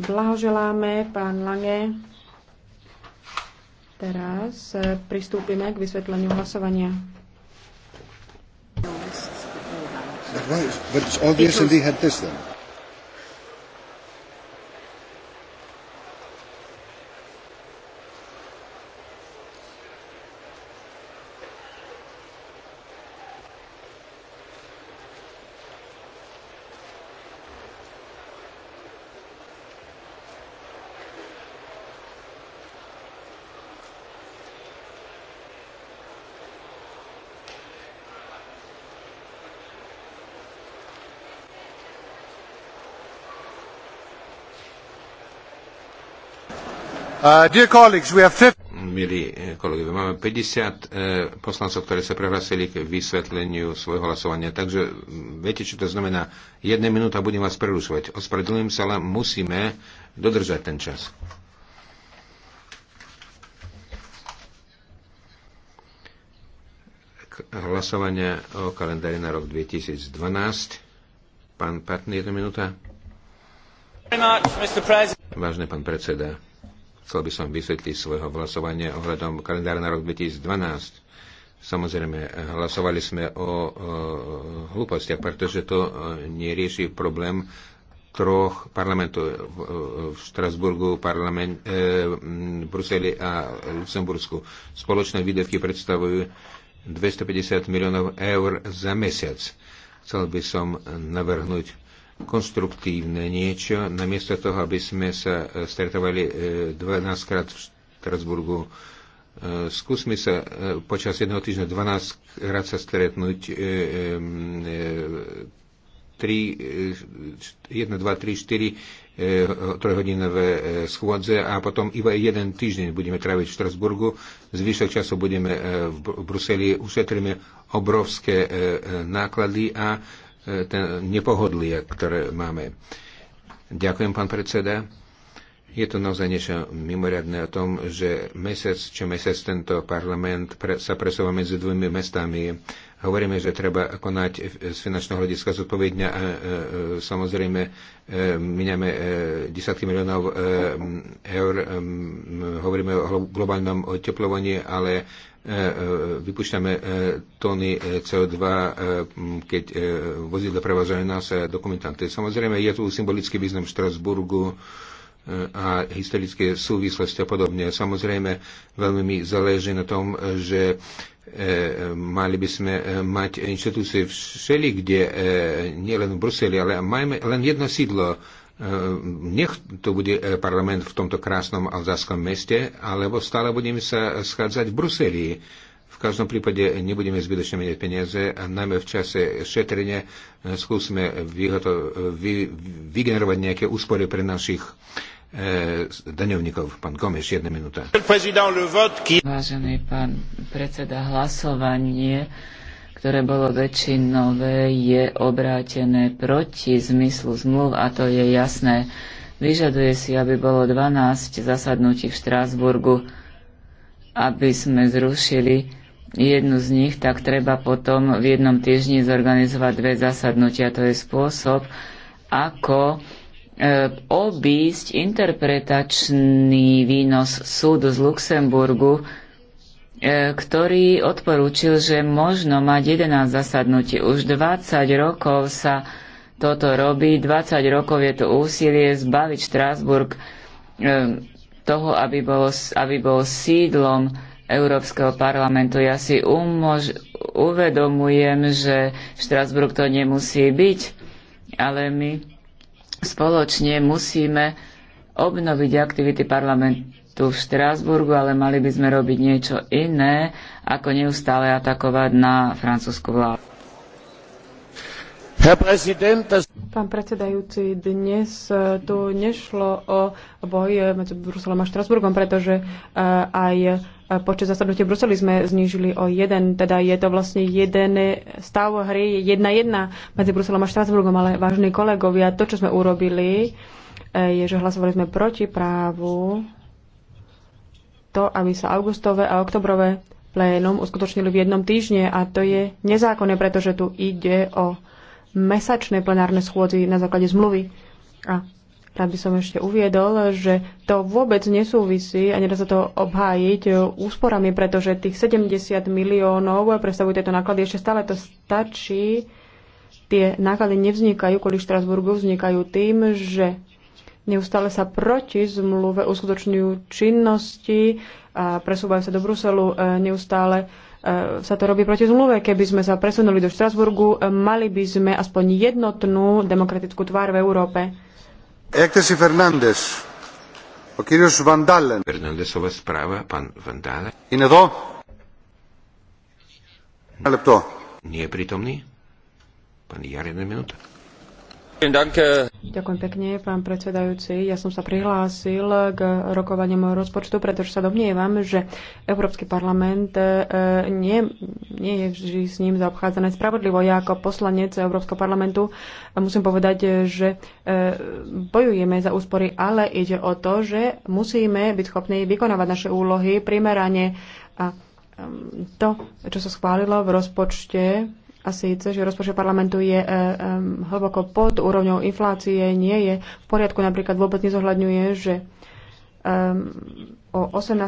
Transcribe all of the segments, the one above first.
Blahoželáme, pán Lange. Teraz e, pristúpime k vysvetleniu hlasovania. Right, but it's obvious that they had this then. Uh, Milí eh, kolegovia, máme 50 eh, poslancov, ktorí sa prehlásili k vysvetleniu svojho hlasovania. Takže mm, viete, čo to znamená? Jedna minúta budem vás prerušovať. Ospravedlňujem sa, ale musíme dodržať ten čas. Hlasovanie o kalendári na rok 2012. Pán Patný, jedna minúta. Vážne pán predseda, Chcel by som vysvetliť svojho hlasovania ohľadom kalendára na rok 2012. Samozrejme, hlasovali sme o, o hlúpostiach, pretože to e, nerieši problém troch parlamentov v e, Štrasburgu, parlament, e, Bruseli a Luxembursku. Spoločné výdavky predstavujú 250 miliónov eur za mesiac. Chcel by som navrhnúť konstruktívne niečo, namiesto toho, aby sme sa e, stretovali 12 e, krát v Strasburgu. E, skúsme sa počas jedného týždňa 12 krát sa stretnúť 3, 1, 2, 3, 4 trojhodinové schôdze a potom iba jeden týždeň budeme tráviť v Štrasburgu. Zvyšok času budeme v Bruseli, ušetríme obrovské náklady a ten nepohodlie, ktoré máme. Ďakujem, pán predseda. Je to naozaj niečo mimoriadné o tom, že mesiac čo mesiac tento parlament pre, sa presúva medzi dvomi mestami. Hovoríme, že treba konať z finančného hľadiska zodpovedňa a e, e, samozrejme e, miniame e, desiatky miliónov e, eur. E, hovoríme o globálnom oteplovaní, ale E, e, vypúšťame e, tóny CO2, keď vozidla prevažajú nás dokumentanty. Samozrejme, je tu symbolický význam Štrasburgu a historické súvislosti a podobne. Samozrejme, veľmi mi záleží na tom, že mali by sme mať inštitúcie všeli, kde, nie len v Bruseli, ale majme len jedno sídlo Eh, nech to bude eh, parlament v tomto krásnom alzáskom meste, alebo stále budeme sa schádzať v Bruseli. V každom prípade nebudeme zbytočne meniť peniaze a najmä v čase šetrenia eh, skúsme vyhoto- vy- vygenerovať nejaké úspory pre našich eh, daňovníkov. Pán Gomeš, jedna minúta. Vážený pán predseda, hlasovanie ktoré bolo väčšinové, je obrátené proti zmyslu zmluv a to je jasné. Vyžaduje si, aby bolo 12 zasadnutí v Štrásburgu, aby sme zrušili jednu z nich, tak treba potom v jednom týždni zorganizovať dve zasadnutia. To je spôsob, ako e, obísť interpretačný výnos súdu z Luxemburgu, E, ktorý odporúčil, že možno mať 11 zasadnutí. Už 20 rokov sa toto robí, 20 rokov je to úsilie zbaviť Štrásburg e, toho, aby bol, aby bol sídlom Európskeho parlamentu. Ja si umož, uvedomujem, že Štrásburg to nemusí byť, ale my spoločne musíme obnoviť aktivity parlamentu tu v Štrásburgu, ale mali by sme robiť niečo iné, ako neustále atakovať na francúzsku vládu. Pán predsedajúci, dnes eh, tu nešlo o boj eh, medzi Bruselom a Štrasburgom, pretože eh, aj počet zasadnutia Bruseli sme znížili o jeden, teda je to vlastne jeden stav hry jedna jedna medzi Bruselom a Štrasburgom, ale vážni kolegovia, to, čo sme urobili, je, že hlasovali sme proti právu to, aby sa augustové a oktobrové plénum uskutočnili v jednom týždne a to je nezákonné, pretože tu ide o mesačné plenárne schôdzi na základe zmluvy. A rád by som ešte uviedol, že to vôbec nesúvisí a nedá sa to obhájiť úsporami, pretože tých 70 miliónov predstavujú tieto náklady. Ešte stále to stačí. Tie náklady nevznikajú kvôli Štrasburgu, vznikajú tým, že Neustále sa proti zmluve uskutočňujú činnosti a presúvajú sa do Bruselu. E, neustále e, sa to robí proti zmluve. Keby sme sa presunuli do Štrasburgu, e, mali by sme aspoň jednotnú demokratickú tvár v Európe. Ektesi Fernández. O κύριος Βαντάλεν. Φερνάντεσοβα σπράβα, παν Βαντάλεν. Είναι εδώ. Ένα to? Nie je prítomný? Pán Jar, jedna minúta. Äh, Ďakujem pekne, pán predsedajúci. Ja som sa prihlásil k rokovaniu môjho rozpočtu, pretože sa domnievam, že Európsky parlament e, nie, nie je vždy s ním zaobchádzané spravodlivo. Ja ako poslanec Európskeho parlamentu musím povedať, že e, bojujeme za úspory, ale ide o to, že musíme byť schopní vykonávať naše úlohy primerane a e, to, čo sa schválilo v rozpočte a síce, že rozpočet parlamentu je e, e, hlboko pod úrovňou inflácie, nie je v poriadku, napríklad vôbec nezohľadňuje, že e, o 18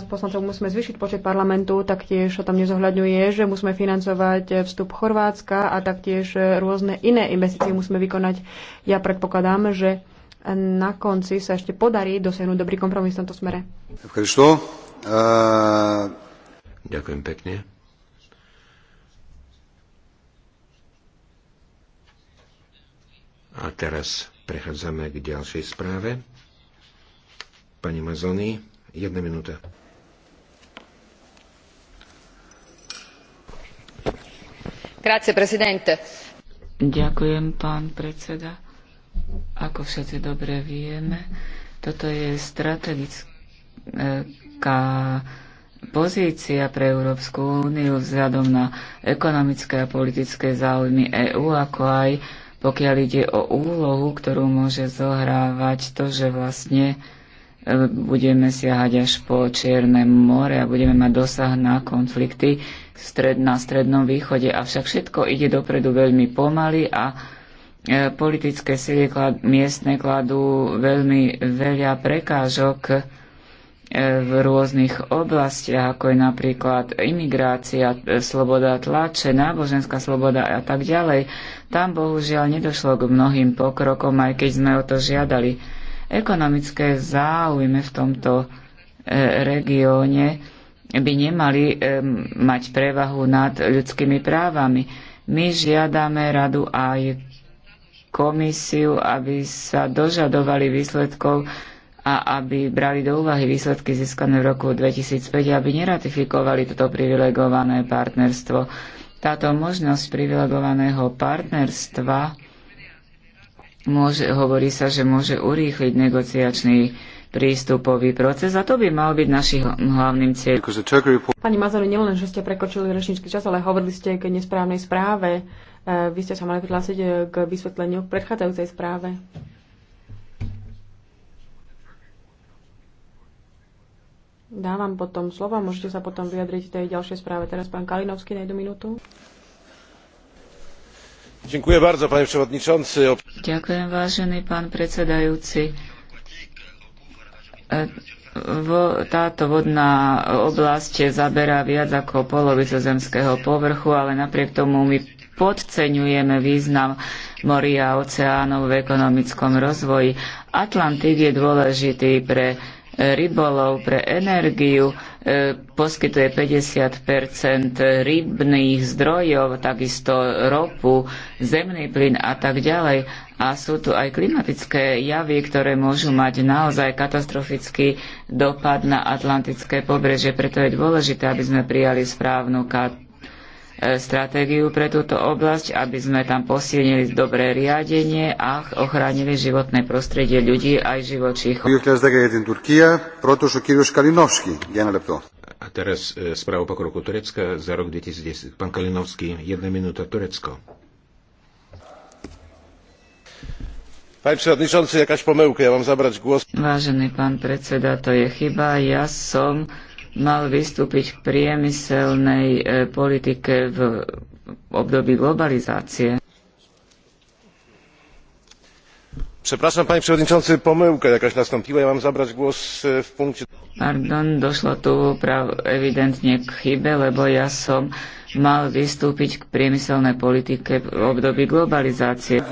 poslancov musíme zvyšiť počet parlamentu, taktiež sa tam nezohľadňuje, že musíme financovať vstup Chorvátska a taktiež rôzne iné investície musíme vykonať. Ja predpokladám, že na konci sa ešte podarí dosiahnuť dobrý kompromis v tomto smere. Ďakujem pekne. Teraz prechádzame k ďalšej správe. Pani Mazony, jedna minúta. Grazie, presidente. Ďakujem, pán predseda. Ako všetci dobre vieme, toto je strategická pozícia pre Európsku úniu vzhľadom na ekonomické a politické záujmy EÚ, ako aj pokiaľ ide o úlohu, ktorú môže zohrávať to, že vlastne e, budeme siahať až po Čierne more a budeme mať dosah na konflikty stred, na Strednom východe. Avšak všetko ide dopredu veľmi pomaly a e, politické sily miestne kladú veľmi veľa prekážok v rôznych oblastiach, ako je napríklad imigrácia, sloboda tlače, náboženská sloboda a tak ďalej, tam bohužiaľ nedošlo k mnohým pokrokom, aj keď sme o to žiadali. Ekonomické záujmy v tomto e, regióne by nemali e, mať prevahu nad ľudskými právami. My žiadame radu aj komisiu, aby sa dožadovali výsledkov a aby brali do úvahy výsledky získané v roku 2005 aby neratifikovali toto privilegované partnerstvo. Táto možnosť privilegovaného partnerstva môže, hovorí sa, že môže urýchliť negociačný prístupový proces a to by mal byť našim hlavným cieľom. Pani Mazori, nielen, že ste prekočili rečnícky čas, ale hovorili ste k nesprávnej správe. E, vy ste sa mali prihlásiť k vysvetleniu v predchádzajúcej správe. Dávam potom slovo, môžete sa potom vyjadriť tej ďalšej správe. Teraz pán Kalinovský na jednu minútu. Ďakujem bardzo, panie przewodniczący. Ďakujem, vážený pán predsedajúci. E, táto vodná oblasť zaberá viac ako polovicu zemského povrchu, ale napriek tomu my podceňujeme význam moria a oceánov v ekonomickom rozvoji. Atlantik je dôležitý pre rybolov pre energiu, e, poskytuje 50 rybných zdrojov, takisto ropu, zemný plyn a tak ďalej. A sú tu aj klimatické javy, ktoré môžu mať naozaj katastrofický dopad na Atlantické pobrežie, Preto je dôležité, aby sme prijali správnu kat- stratégiu pre túto oblasť, aby sme tam posilnili dobré riadenie a ochránili životné prostredie ľudí aj živočíchov. A teraz správa Turecka za rok 2010. Pán Kalinovský, jedna minúta Turecko. Pán ja głos. Vážený pán predseda, to je chyba. Ja som mal vystúpiť k priemyselnej e, politike v období globalizácie. przepraszam panie przewodniczący pomyłka jakaś nastąpiła ja mam zabrać głos e, w punkcie Pardon, došlo tu prav, evidentne k chybe, lebo ja som mal vystúpiť k priemyselnej politike v období globalizácie.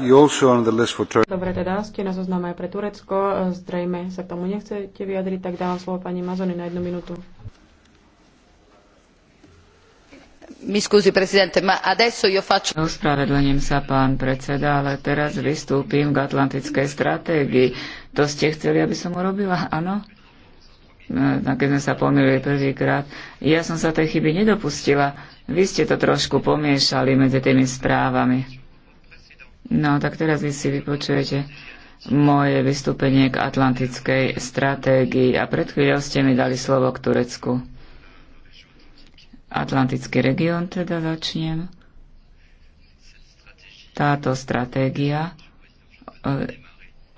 Dobre, teda ste na zozname aj pre Turecko. E, zrejme sa k tomu nechcete vyjadriť, tak dávam slovo pani Mazony na jednu minútu. Mi scusi, presidente, ma adesso io faccio... Ospravedlením sa, pán predseda, ale teraz vystúpim k atlantickej stratégii. To ste chceli, aby som urobila, áno? No, keď sme sa pomýlili prvýkrát. Ja som sa tej chyby nedopustila. Vy ste to trošku pomiešali medzi tými správami. No, tak teraz vy si vypočujete moje vystúpenie k atlantickej stratégii a pred chvíľou ste mi dali slovo k Turecku. Atlantický región teda začnem. Táto stratégia, e,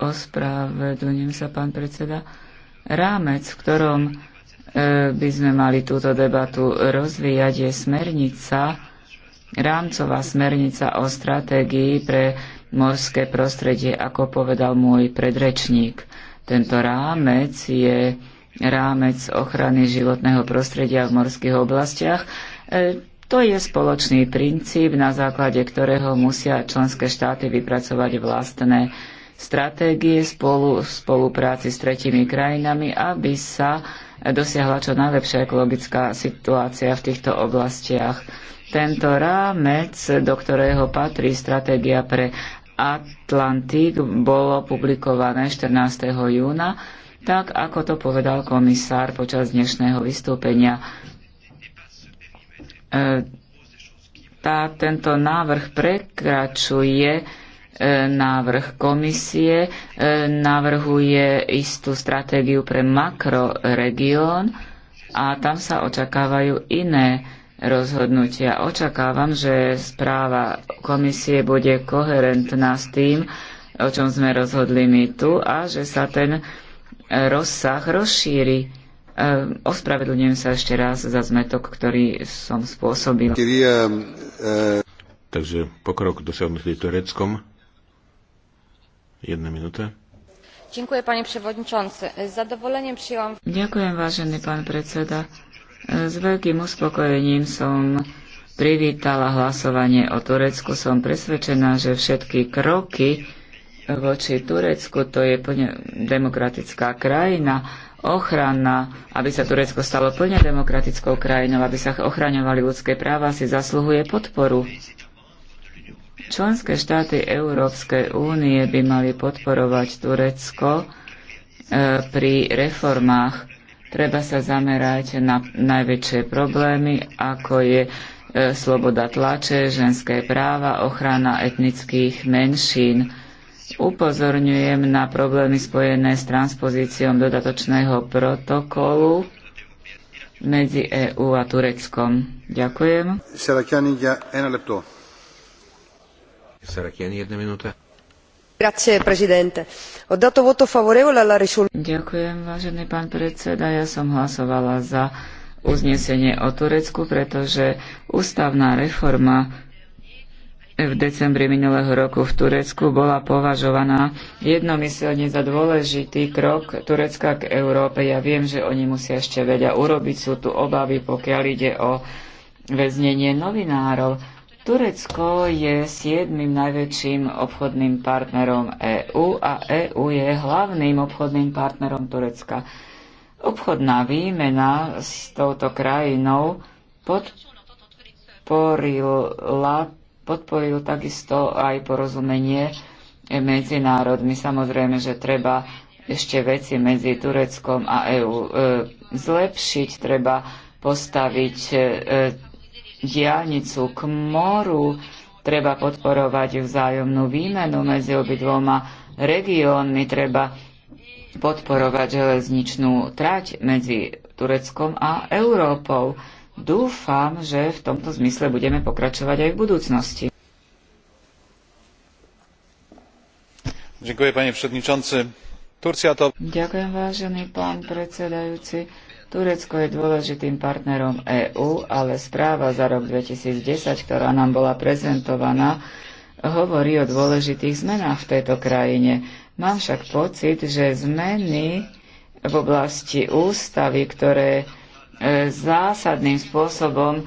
ospravedlňujem sa, pán predseda, rámec, v ktorom e, by sme mali túto debatu rozvíjať, je smernica, rámcová smernica o stratégii pre morské prostredie, ako povedal môj predrečník. Tento rámec je rámec ochrany životného prostredia v morských oblastiach. E, to je spoločný princíp, na základe ktorého musia členské štáty vypracovať vlastné stratégie spolu v spolupráci s tretimi krajinami, aby sa dosiahla čo najlepšia ekologická situácia v týchto oblastiach. Tento rámec, do ktorého patrí stratégia pre Atlantik, bolo publikované 14. júna tak ako to povedal komisár počas dnešného vystúpenia. E, tá, tento návrh prekračuje e, návrh komisie, e, navrhuje istú stratégiu pre makroregión a tam sa očakávajú iné rozhodnutia. Očakávam, že správa komisie bude koherentná s tým, o čom sme rozhodli my tu a že sa ten rozsah rozšíri. E, ospravedlňujem sa ešte raz za zmetok, ktorý som spôsobil. E, e, Takže pokrok dosiahnutý Tureckom. Jedna minúta. Ďakujem, pani przewodniczący. Z zadowoleniem przyjęłam... Ďakujem, vážený pán predseda. S veľkým uspokojením som privítala hlasovanie o Turecku. Som presvedčená, že všetky kroky, voči Turecku, to je plne demokratická krajina, ochrana, aby sa Turecko stalo plne demokratickou krajinou, aby sa ochraňovali ľudské práva, si zasluhuje podporu. Členské štáty Európskej únie by mali podporovať Turecko e, pri reformách. Treba sa zamerať na najväčšie problémy, ako je e, sloboda tlače, ženské práva, ochrana etnických menšín Upozorňujem na problémy spojené s transpozíciou dodatočného protokolu medzi EÚ a Tureckom. Ďakujem. Serakiani, ja, lepto. Serakiani, jedna minúta. Grazie, presidente. Ho dato voto favorevole alla risoluzione. Ďakujem, vážený pán predseda. Ja som hlasovala za uznesenie o Turecku, pretože ústavná reforma v decembri minulého roku v Turecku bola považovaná jednomyselne za dôležitý krok Turecka k Európe. Ja viem, že oni musia ešte veľa urobiť. Sú tu obavy, pokiaľ ide o väznenie novinárov. Turecko je siedmým najväčším obchodným partnerom EÚ a EÚ je hlavným obchodným partnerom Turecka. Obchodná výmena s touto krajinou podporila podporil takisto aj porozumenie medzi národmi. Samozrejme, že treba ešte veci medzi Tureckom a EÚ e, zlepšiť, treba postaviť diaľnicu e, e, diálnicu k moru, treba podporovať vzájomnú výmenu medzi obidvoma regiónmi, treba podporovať železničnú trať medzi Tureckom a Európou. Dúfam, že v tomto zmysle budeme pokračovať aj v budúcnosti. Ďakujem, pani predsedníčanci. Turcia to... Ďakujem, vážený pán predsedajúci. Turecko je dôležitým partnerom EÚ, ale správa za rok 2010, ktorá nám bola prezentovaná, hovorí o dôležitých zmenách v tejto krajine. Mám však pocit, že zmeny v oblasti ústavy, ktoré E, zásadným spôsobom e,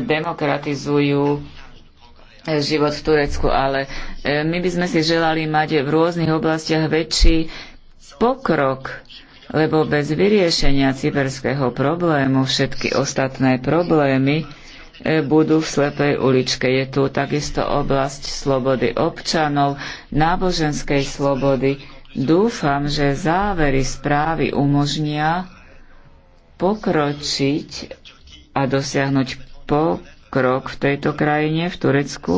demokratizujú e, život v Turecku, ale my by sme si želali mať v rôznych oblastiach väčší pokrok, lebo bez vyriešenia cyperského problému všetky ostatné problémy budú v slepej uličke. Je tu takisto oblasť slobody občanov, náboženskej slobody. Dúfam, že závery správy umožnia pokročiť a dosiahnuť pokrok v tejto krajine, v Turecku,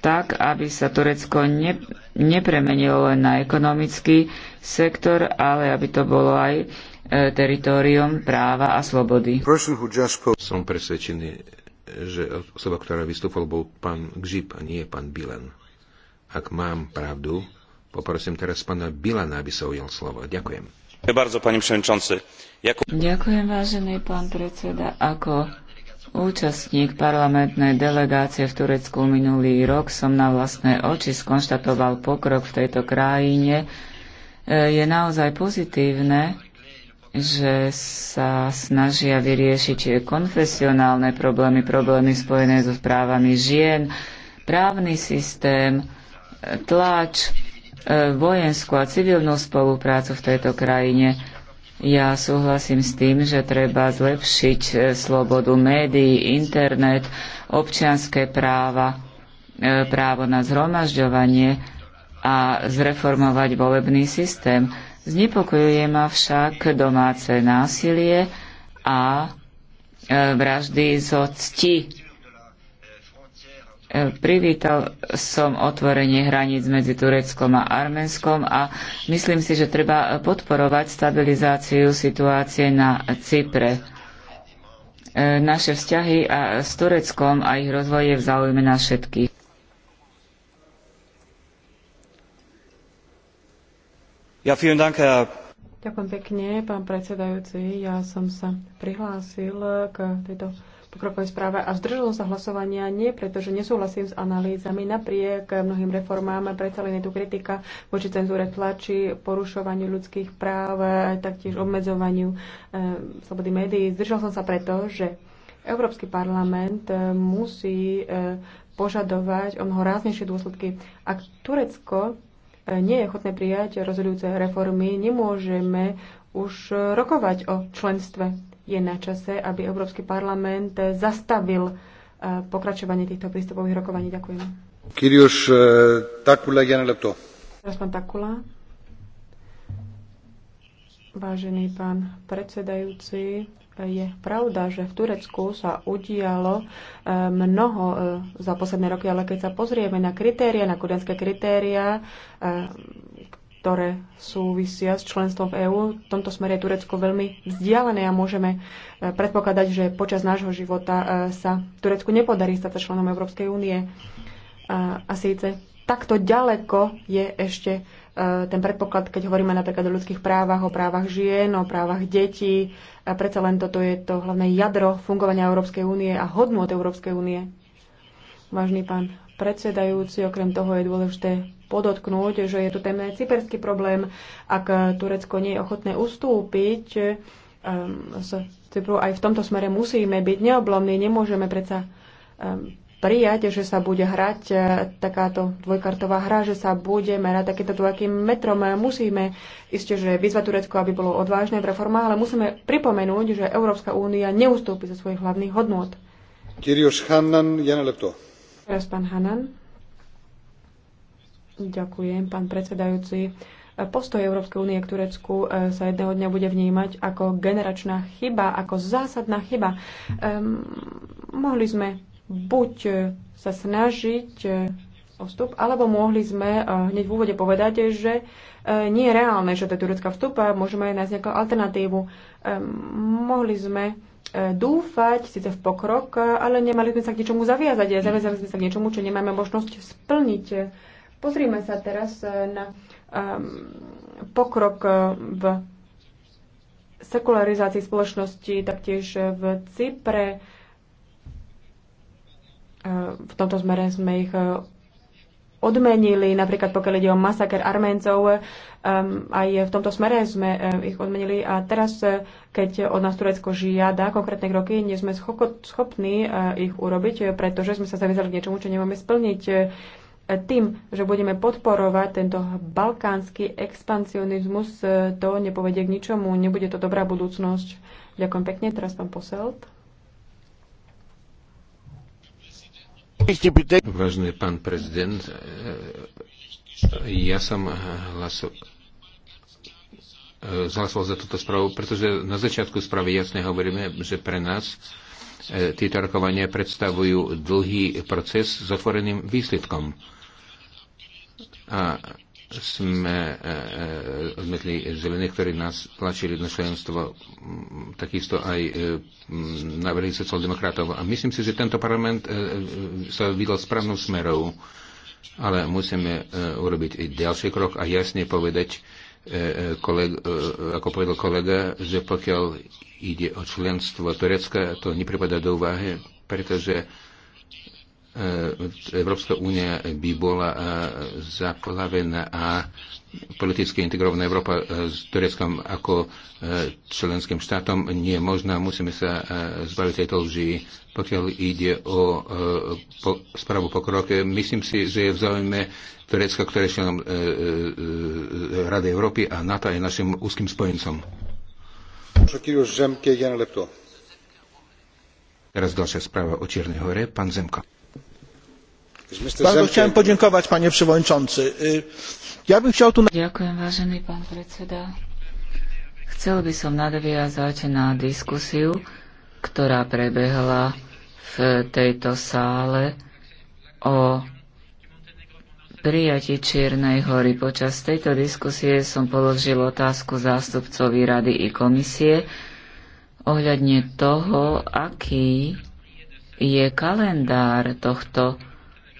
tak, aby sa Turecko ne, nepremenilo len na ekonomický sektor, ale aby to bolo aj e, teritorium práva a slobody. Som presvedčený, že osoba, ktorá vystúpila, bol pán Gžip a nie pán Bilan. Ak mám pravdu, poprosím teraz pána Bilana, aby sa ujal slovo. Ďakujem. Ďakujem bardzo, przewodniczący. Ďakujem, vážený pán predseda. Ako Účastník parlamentnej delegácie v Turecku minulý rok som na vlastné oči skonštatoval pokrok v tejto krajine. E, je naozaj pozitívne, že sa snažia vyriešiť konfesionálne problémy, problémy spojené so správami žien, právny systém, tlač, e, vojenskú a civilnú spoluprácu v tejto krajine. Ja súhlasím s tým, že treba zlepšiť e, slobodu médií, internet, občianské práva, e, právo na zhromažďovanie a zreformovať volebný systém. Znepokojuje ma však domáce násilie a e, vraždy zo cti E, privítal som otvorenie hraníc medzi Tureckom a Arménskom a myslím si, že treba podporovať stabilizáciu situácie na Cypre. E, naše vzťahy s Tureckom a ich rozvoj je v záujme na všetkých. Ja, vielen Dank, Herr Ďakujem pekne, pán predsedajúci. Ja som sa prihlásil k tejto pokrokovej správe a zdržalo sa hlasovania nie, preto, že nesúhlasím s analýzami napriek mnohým reformám, predsa len je tu kritika voči cenzúre tlači, porušovaniu ľudských práv, taktiež obmedzovaniu e, slobody médií. Zdržal som sa preto, že Európsky parlament e, musí e, požadovať o mnoho ráznejšie dôsledky. Ak Turecko e, nie je ochotné prijať rozhodujúce reformy, nemôžeme už rokovať o členstve je na čase, aby Európsky parlament eh, zastavil eh, pokračovanie týchto prístupových rokovaní. Ďakujem. Kyrius eh, Takula, Jan Lepto. Teraz pán Takula. Vážený pán predsedajúci, je pravda, že v Turecku sa udialo mnoho za posledné roky, ale keď sa pozrieme na kritéria, na kudenské kritéria, ktoré súvisia s členstvom v EÚ. V tomto smere je Turecko veľmi vzdialené a môžeme e, predpokladať, že počas nášho života e, sa Turecku nepodarí stať sa členom Európskej únie. A, e, a síce takto ďaleko je ešte ten predpoklad, keď hovoríme napríklad o ľudských právach, o právach žien, o právach detí. A predsa len toto je to hlavné jadro fungovania Európskej únie a od Európskej únie. Vážny pán predsedajúci, okrem toho je dôležité podotknúť, že je to ten cyperský problém, ak Turecko nie je ochotné ustúpiť um, z Cypru. Aj v tomto smere musíme byť neoblomní, nemôžeme predsa um, prijať, že sa bude hrať e, takáto dvojkartová hra, že sa bude merať takýmto dvojakým metrom. Musíme isté, že vyzvať Turecko, aby bolo odvážne v reformách, ale musíme pripomenúť, že Európska únia neustúpi zo svojich hlavných hodnôt. Kyrios Hannan, Jana Lepto. Teraz pán Hanan. Ďakujem, pán predsedajúci. Postoj Európskej únie k Turecku e, sa jedného dňa bude vnímať ako generačná chyba, ako zásadná chyba. Um, mohli sme buď e, sa snažiť e, o vstup, alebo mohli sme hneď v úvode povedať, že nie je reálne, že je Turecka vstup a môžeme nájsť nejakú alternatívu. Um, mohli sme dúfať síce v pokrok, ale nemali sme sa k ničomu zaviazať. Zaviazali sme sa k niečomu, čo nemáme možnosť splniť. Pozrime sa teraz e, na pokrok e, v sekularizácii spoločnosti, taktiež v Cypre. E, v tomto smere sme ich odmenili, napríklad pokiaľ ide o masaker Arméncov, aj v tomto smere sme ich odmenili a teraz, keď od nás Turecko žiada konkrétne kroky, nie sme schopní ich urobiť, pretože sme sa zaviazali k niečomu, čo nemáme splniť tým, že budeme podporovať tento balkánsky expansionizmus, e, to nepovedie k ničomu, nebude to dobrá budúcnosť. Ďakujem pekne, teraz pán Poselt. Vážený pán prezident, e, ja som e, hlasoval za túto správu, pretože na začiatku správy jasne hovoríme, že pre nás tieto rokovania predstavujú dlhý proces s otvoreným výsledkom a sme e, e, odmetli zelených, ktorí nás tlačili na členstvo, takisto aj e, návrhy sociálnych A myslím si, že tento parlament sa vydal správnou smerou, ale musíme urobiť i ďalší krok a jasne povedať, koleg, ako povedal kolega, že pokiaľ ide o členstvo Turecka, to nepripadá do úvahy, pretože E, Európska únia by bola e, zaplavená a politicky integrovaná Európa e, s Tureckom ako členským štátom nie je možná. Musíme sa zbaviť tejto lži, pokiaľ ide o po, správu pokroke. Myslím si, že je v záujme Turecka, ktoré je členom Rady Európy a NATO je našim úzkým spojencom. Teraz ďalšia správa o Čiernej hore. Pán Zemka. Bardzo chciałem podziękować, panie przewodniczący. Ďakujem, vážený pán predseda. Chcel by som nadviazať na diskusiu, ktorá prebehla v tejto sále o prijatí Čiernej hory. Počas tejto diskusie som položil otázku zástupcovi rady i komisie ohľadne toho, aký je kalendár tohto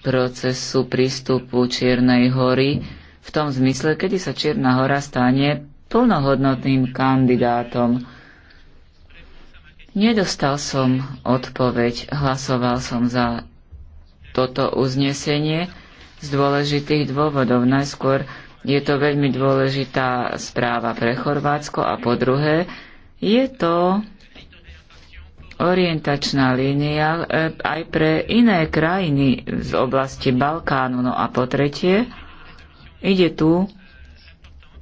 procesu prístupu Čiernej hory v tom zmysle, kedy sa Čierna hora stane plnohodnotným kandidátom. Nedostal som odpoveď, hlasoval som za toto uznesenie z dôležitých dôvodov. Najskôr je to veľmi dôležitá správa pre Chorvátsko a po druhé je to orientačná línia e, aj pre iné krajiny z oblasti Balkánu. No a po tretie, ide tu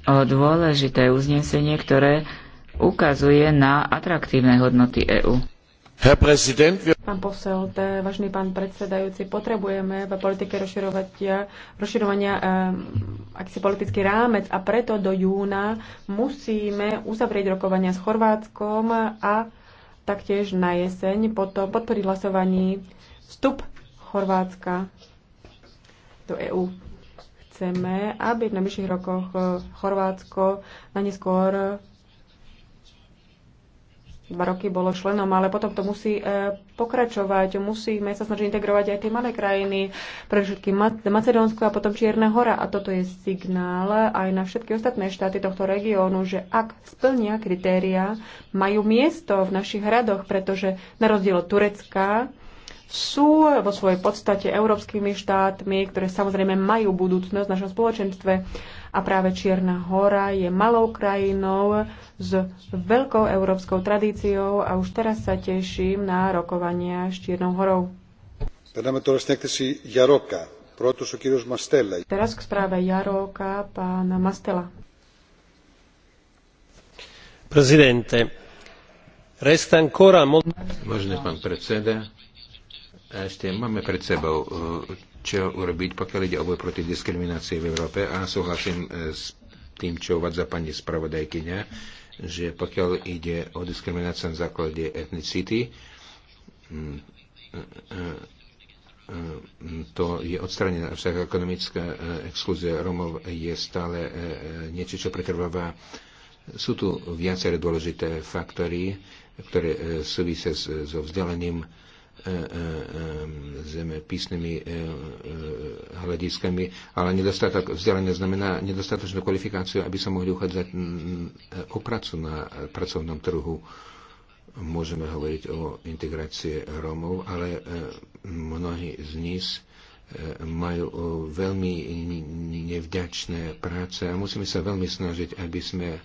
o dôležité uznesenie, ktoré ukazuje na atraktívne hodnoty EÚ. Pán posel, vážny pán predsedajúci, potrebujeme v politike rozširovania, um, politický rámec a preto do júna musíme uzavrieť rokovania s Chorvátskom a taktiež na jeseň potom podporiť hlasovaní vstup Chorvátska do EÚ. Chceme, aby v najbližších rokoch eh, Chorvátsko na neskôr dva roky bolo členom, ale potom to musí e, pokračovať. Musíme sa snažiť integrovať aj tie malé krajiny, pre všetky Macedónsko a potom Čierna hora. A toto je signál aj na všetky ostatné štáty tohto regiónu, že ak splnia kritéria, majú miesto v našich hradoch, pretože na rozdiel od Turecka, sú vo svojej podstate európskymi štátmi, ktoré samozrejme majú budúcnosť v našom spoločenstve. A práve Čierna hora je malou krajinou s veľkou európskou tradíciou a už teraz sa teším na rokovania s Čiernou horou. Teraz k správe Jaroka pána Mastela. Prezidente, resta ancora Možne, pán predseda, ešte máme pred sebou e, čo urobiť, pokiaľ ide o boj proti diskriminácii v Európe a súhlasím e, s tým, čo uvádza pani spravodajkyňa, že pokiaľ ide o diskrimináciu na základe etnicity, mm, e, e, to je odstranené. Však ekonomická exkluzia Romov je stále niečo, čo pretrváva. Sú tu viaceré dôležité faktory, ktoré súvisia so vzdelaním E, e, e, zemepisnými hľadiskami, ale nedostatok vzdelania znamená nedostatočnú kvalifikáciu, aby sa mohli uchádzať o prácu na pracovnom trhu. Môžeme hovoriť o integrácie Rómov, ale mnohí z nich majú veľmi nevďačné práce a musíme sa veľmi snažiť, aby sme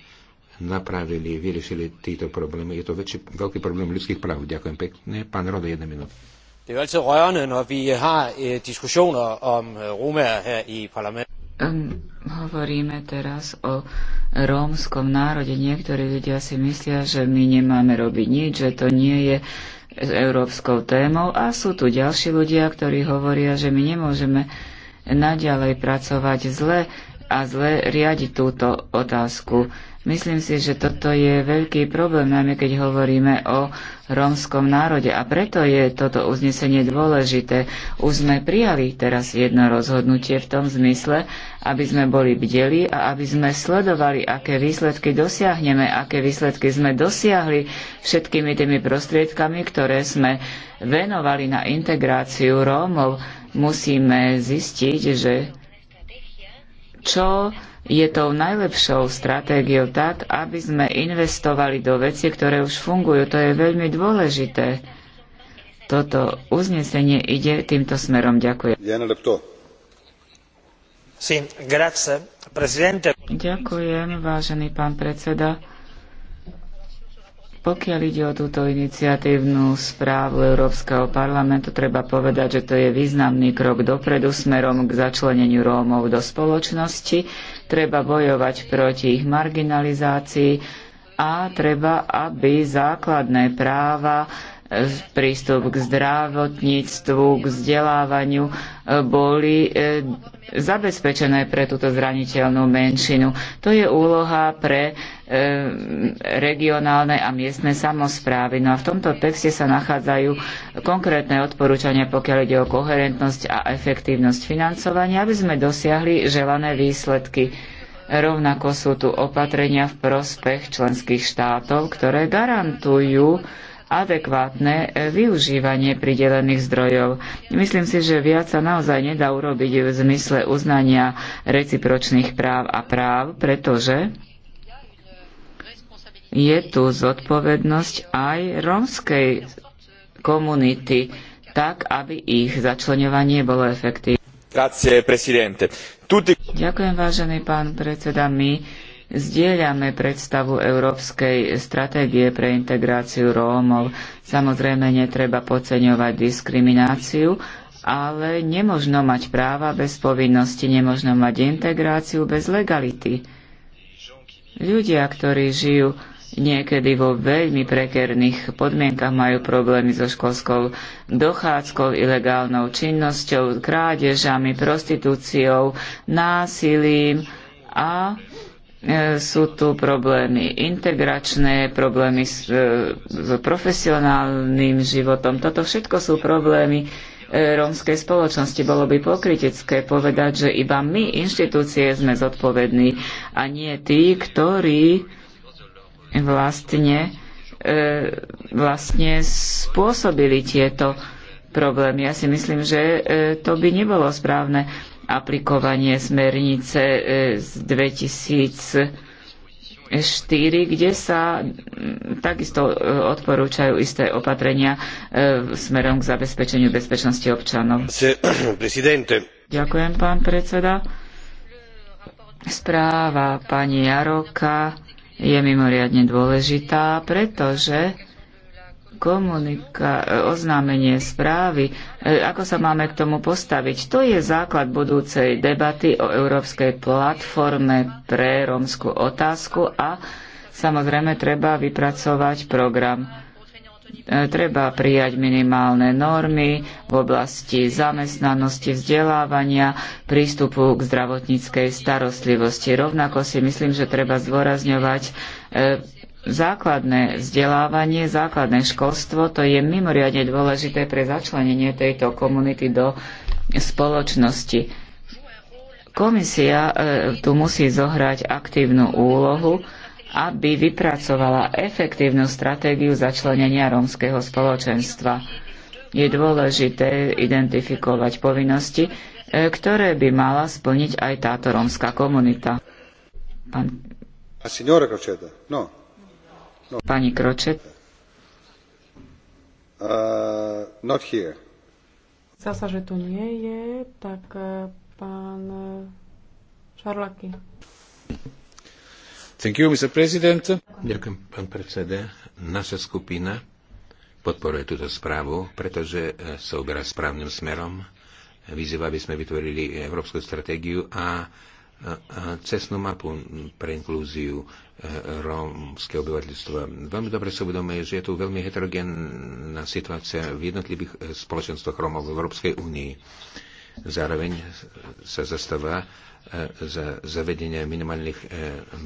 napravili, vyriešili tieto problémy. Je to väčší, veľký problém ľudských práv. Ďakujem pekne. Pán Rode, jedna minúta. Det er altid rørende, når vi har eh, diskussioner om eh, her i parlamentet. Um, hovoríme teraz o rómskom národe. Niektorí ľudia si myslia, že my nemáme robiť nič, že to nie je európskou témou a sú tu ďalší ľudia, ktorí hovoria, že my nemôžeme naďalej pracovať zle, a zle riadiť túto otázku. Myslím si, že toto je veľký problém, najmä keď hovoríme o rómskom národe. A preto je toto uznesenie dôležité. Už sme prijali teraz jedno rozhodnutie v tom zmysle, aby sme boli bdeli a aby sme sledovali, aké výsledky dosiahneme, aké výsledky sme dosiahli všetkými tými prostriedkami, ktoré sme venovali na integráciu Rómov. Musíme zistiť, že čo je tou najlepšou stratégiou tak, aby sme investovali do veci, ktoré už fungujú. To je veľmi dôležité. Toto uznesenie ide týmto smerom. Ďakujem. Ďakujem, vážený pán predseda. Pokiaľ ide o túto iniciatívnu správu Európskeho parlamentu, treba povedať, že to je významný krok dopredu smerom k začleneniu Rómov do spoločnosti. Treba bojovať proti ich marginalizácii a treba, aby základné práva prístup k zdravotníctvu, k vzdelávaniu e, boli e, zabezpečené pre túto zraniteľnú menšinu. To je úloha pre e, regionálne a miestne samozprávy. No a v tomto texte sa nachádzajú konkrétne odporúčania, pokiaľ ide o koherentnosť a efektívnosť financovania, aby sme dosiahli želané výsledky. Rovnako sú tu opatrenia v prospech členských štátov, ktoré garantujú adekvátne e, využívanie pridelených zdrojov. Myslím si, že viac sa naozaj nedá urobiť v zmysle uznania recipročných práv a práv, pretože je tu zodpovednosť aj rómskej komunity, tak aby ich začlenovanie bolo efektívne. Ďakujem, vážený pán predseda. My Zdieľame predstavu Európskej stratégie pre integráciu Rómov. Samozrejme, netreba podceňovať diskrimináciu, ale nemožno mať práva bez povinnosti, nemožno mať integráciu bez legality. Ľudia, ktorí žijú niekedy vo veľmi prekerných podmienkach, majú problémy so školskou dochádzkou, ilegálnou činnosťou, krádežami, prostitúciou, násilím a E, sú tu problémy integračné, problémy s, e, s profesionálnym životom. Toto všetko sú problémy e, rómskej spoločnosti. Bolo by pokritické povedať, že iba my, inštitúcie, sme zodpovední a nie tí, ktorí vlastne, vlastne spôsobili tieto problémy. Ja si myslím, že to by nebolo správne aplikovanie smernice e, z 2004, kde sa takisto e, odporúčajú isté opatrenia e, smerom k zabezpečeniu bezpečnosti občanov. Ďakujem, pán predseda. Správa pani Jaroka je mimoriadne dôležitá, pretože komunika- e, oznámenie správy, e, ako sa máme k tomu postaviť. To je základ budúcej debaty o Európskej platforme pre rómskú otázku a samozrejme treba vypracovať program. E, treba prijať minimálne normy v oblasti zamestnanosti, vzdelávania, prístupu k zdravotníckej starostlivosti. Rovnako si myslím, že treba zdôrazňovať základné vzdelávanie, základné školstvo, to je mimoriadne dôležité pre začlenenie tejto komunity do spoločnosti. Komisia e, tu musí zohrať aktívnu úlohu, aby vypracovala efektívnu stratégiu začlenenia rómskeho spoločenstva. Je dôležité identifikovať povinnosti, e, ktoré by mala splniť aj táto rómska komunita. Pán... A signora no. Pani Kročet. Uh, not here. Zasa, že tu nie je, tak uh, pán uh, Šarlaky. Thank you, Mr. President. Ďakujem, pán predseda. Naša skupina podporuje túto správu, pretože eh, sa uberá správnym smerom. Vyzýva, aby sme vytvorili európsku stratégiu a cestnú mapu pre inklúziu eh, rómskeho obyvateľstva. Veľmi dobre sa uvedomuje, že je tu veľmi heterogénna situácia v jednotlivých eh, spoločenstvách Rómov v Európskej únii. Zároveň sa zastáva E, za zavedenie minimálnych e,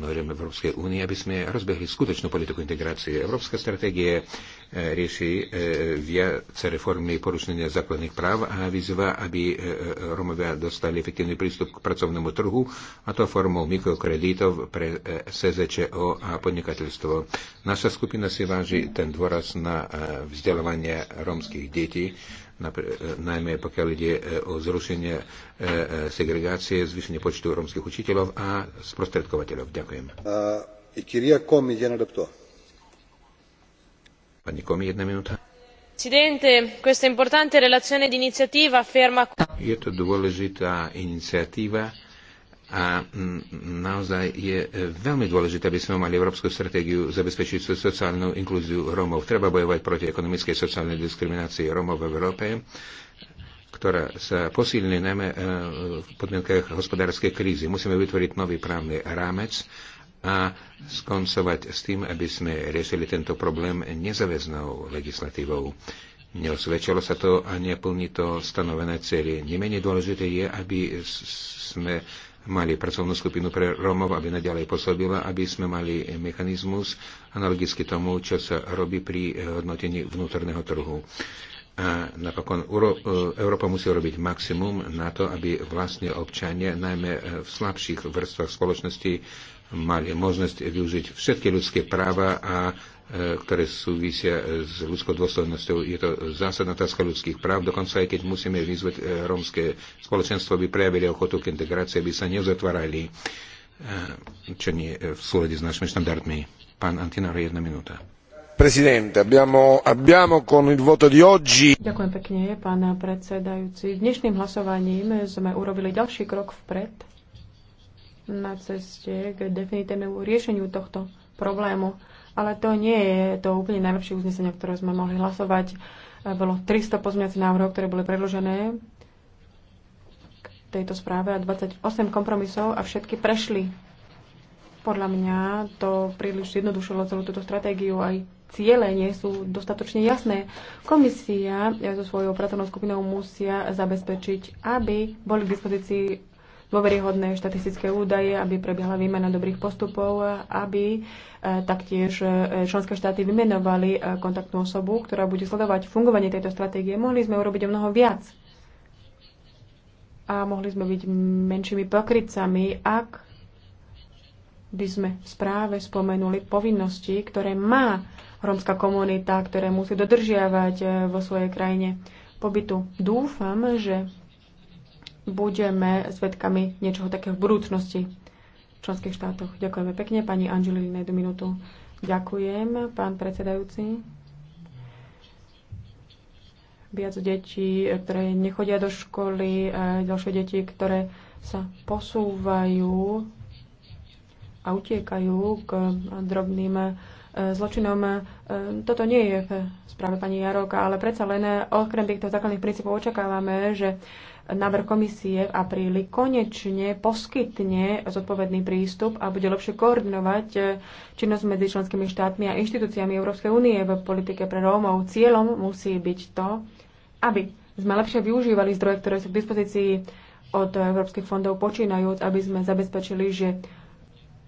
noriem Európskej únie, aby sme rozbehli skutočnú politiku integrácie. Európska stratégia e, rieši viaceré reformy porušenia základných práv a vyzýva, aby Romovia dostali efektívny prístup k pracovnému trhu, a to formou mikrokreditov pre SZČO a podnikateľstvo. Naša skupina si váži ten dôraz na vzdelávanie rómskych detí E, najmä pokiaľ ide e, o zrušenie e, segregácie, zvýšenie počtu rómskych učiteľov a sprostredkovateľov. Ďakujem. Pani Komi, jedna minúta. Je to dôležitá iniciatíva, a mm, naozaj je e, veľmi dôležité, aby sme mali európsku stratégiu zabezpečiť sociálnu inklúziu Rómov. Treba bojovať proti ekonomickej sociálnej diskriminácii Rómov v Európe, ktorá sa posilní najmä e, v podmienkach hospodárskej krízy. Musíme vytvoriť nový právny rámec a skoncovať s tým, aby sme riešili tento problém nezáväznou legislatívou. Neosvedčilo sa to a neplní to stanovené cely. Nemenej dôležité je, aby sme mali pracovnú skupinu pre Rómov, aby nadalej pôsobila, aby sme mali mechanizmus analogicky tomu, čo sa robí pri hodnotení vnútorného trhu. A napokon Európa musí robiť maximum na to, aby vlastne občania, najmä v slabších vrstvách spoločnosti, mali možnosť využiť všetky ľudské práva a E, ktoré súvisia e, s ľudskou dôstojnosťou. Je to zásadná otázka ľudských práv, dokonca aj keď musíme vyzvať e, rómske spoločenstvo, aby prejavili ochotu k integrácii, aby sa nezatvárali, čo nie v súlade s našimi štandardmi. Pán Antinaro, jedna minúta. Presidente, abbiamo, abbiamo con il voto di oggi... Ďakujem pekne, pán predsedajúci. Dnešným hlasovaním sme urobili ďalší krok vpred na ceste k definitívnemu riešeniu tohto problému ale to nie je to úplne najlepšie uznesenie, o sme mohli hlasovať. E, bolo 300 pozmiací návrhov, ktoré boli predložené k tejto správe a 28 kompromisov a všetky prešli. Podľa mňa to príliš jednodušilo celú túto stratégiu aj ciele nie sú dostatočne jasné. Komisia so svojou pracovnou skupinou musia zabezpečiť, aby boli k dispozícii dôveryhodné štatistické údaje, aby prebiehala výmena dobrých postupov, aby e, taktiež e, členské štáty vymenovali e, kontaktnú osobu, ktorá bude sledovať fungovanie tejto stratégie. Mohli sme urobiť o mnoho viac a mohli sme byť menšími pokrytcami, ak by sme v správe spomenuli povinnosti, ktoré má rómska komunita, ktoré musí dodržiavať vo svojej krajine pobytu. Dúfam, že budeme svedkami niečoho takého v budúcnosti v členských štátoch. Ďakujeme pekne. Pani Angelina, jednu minútu. Ďakujem, pán predsedajúci. Viac detí, ktoré nechodia do školy, a ďalšie deti, ktoré sa posúvajú a utekajú k drobným e, zločinom. E, toto nie je v správe pani Jaroka, ale predsa len e, okrem týchto základných princípov očakávame, že návrh komisie v apríli konečne poskytne zodpovedný prístup a bude lepšie koordinovať eh, činnosť medzi členskými štátmi a inštitúciami Európskej únie v politike pre Rómov. Cieľom musí byť to, aby sme lepšie využívali zdroje, ktoré sú k dispozícii od európskych fondov počínajúc, aby sme zabezpečili, že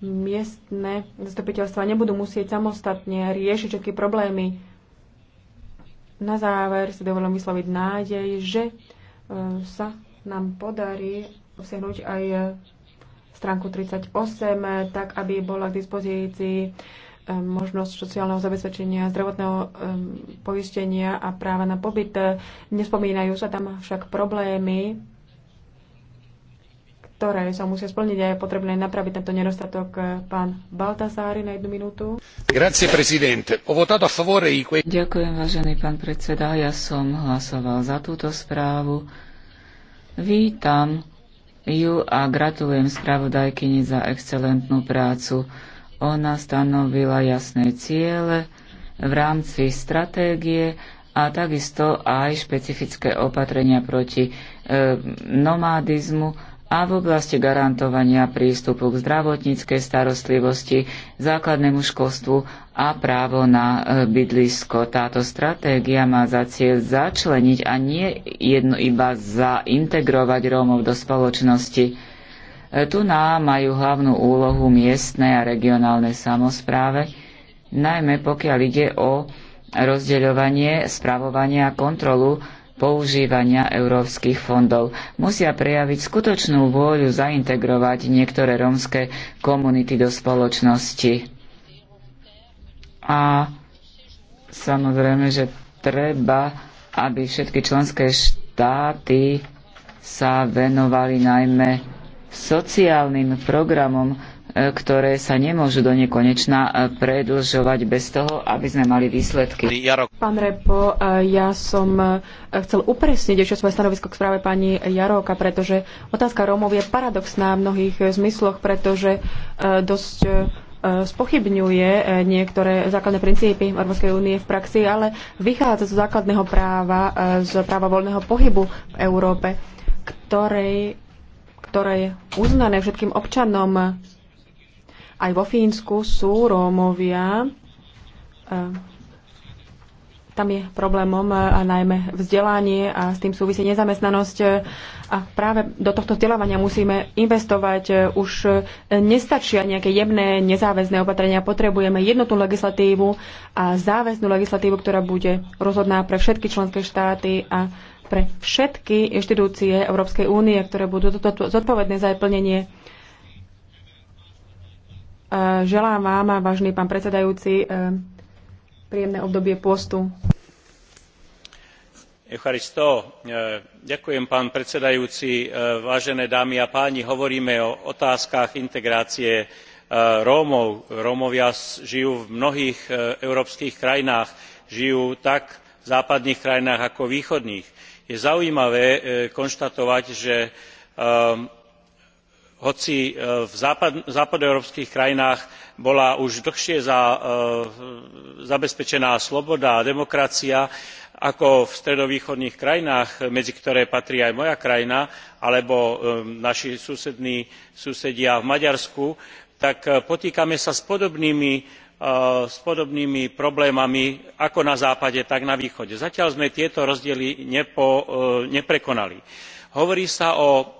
miestne zastupiteľstva nebudú musieť samostatne riešiť všetky problémy. Na záver si dovolím vysloviť nádej, že E, sa nám podarí obsiahnuť aj stránku 38, tak aby bola k dispozícii e, možnosť sociálneho zabezpečenia, zdravotného e, poistenia a práva na pobyt. Nespomínajú sa tam však problémy ktoré sa musia splniť a je potrebné napraviť tento nedostatok. Pán Baltasári na jednu minútu. Ďakujem, vážený pán predseda. Ja som hlasoval za túto správu. Vítam ju a gratulujem spravodajkyni za excelentnú prácu. Ona stanovila jasné ciele v rámci stratégie a takisto aj špecifické opatrenia proti e, eh, nomádizmu a v oblasti garantovania prístupu k zdravotníckej starostlivosti, základnému školstvu a právo na e, bydlisko. Táto stratégia má za cieľ začleniť a nie jedno iba zaintegrovať Rómov do spoločnosti. E, tu nám majú hlavnú úlohu miestnej a regionálne samozpráve, najmä pokiaľ ide o rozdeľovanie, spravovanie a kontrolu používania európskych fondov. Musia prejaviť skutočnú vôľu zaintegrovať niektoré rómske komunity do spoločnosti. A samozrejme, že treba, aby všetky členské štáty sa venovali najmä sociálnym programom, E, ktoré sa nemôžu do nekonečna e, predlžovať bez toho, aby sme mali výsledky. Pán Repo, e, ja som chcel upresniť ešte svoje stanovisko k správe pani Jaroka, pretože otázka Rómov je paradoxná v mnohých zmysloch, pretože dosť spochybňuje niektoré základné princípy Európskej únie v praxi, ale vychádza zo základného práva, z práva voľného pohybu v Európe, ktorej, ktoré je uznané všetkým občanom aj vo Fínsku sú Rómovia. E, tam je problémom e, a najmä vzdelanie a s tým súvisí nezamestnanosť. E, a práve do tohto vzdelávania musíme investovať. Už nestačia nejaké jemné, nezáväzné opatrenia. Potrebujeme jednotnú legislatívu a záväznú legislatívu, ktorá bude rozhodná pre všetky členské štáty a pre všetky inštitúcie Európskej únie, ktoré budú zodpovedné za plnenie Želám vám, vážny pán predsedajúci, e, príjemné obdobie postu. E, ďakujem, pán predsedajúci, e, vážené dámy a páni, hovoríme o otázkach integrácie rómov. rómovia žijú v mnohých európskych krajinách žijú tak v západných krajinách ako východných. je zaujímavé konštatovať že hoci e, v západoeurópskych krajinách bola už dlhšie e, zabezpečená sloboda a demokracia ako v stredovýchodných krajinách medzi ktoré patrí aj moja krajina alebo e, naši susední susedia v maďarsku tak potýkame sa s podobnými problémami ako na západe tak na východe. zatiaľ sme tieto rozdiely neprekonali. hovorí sa o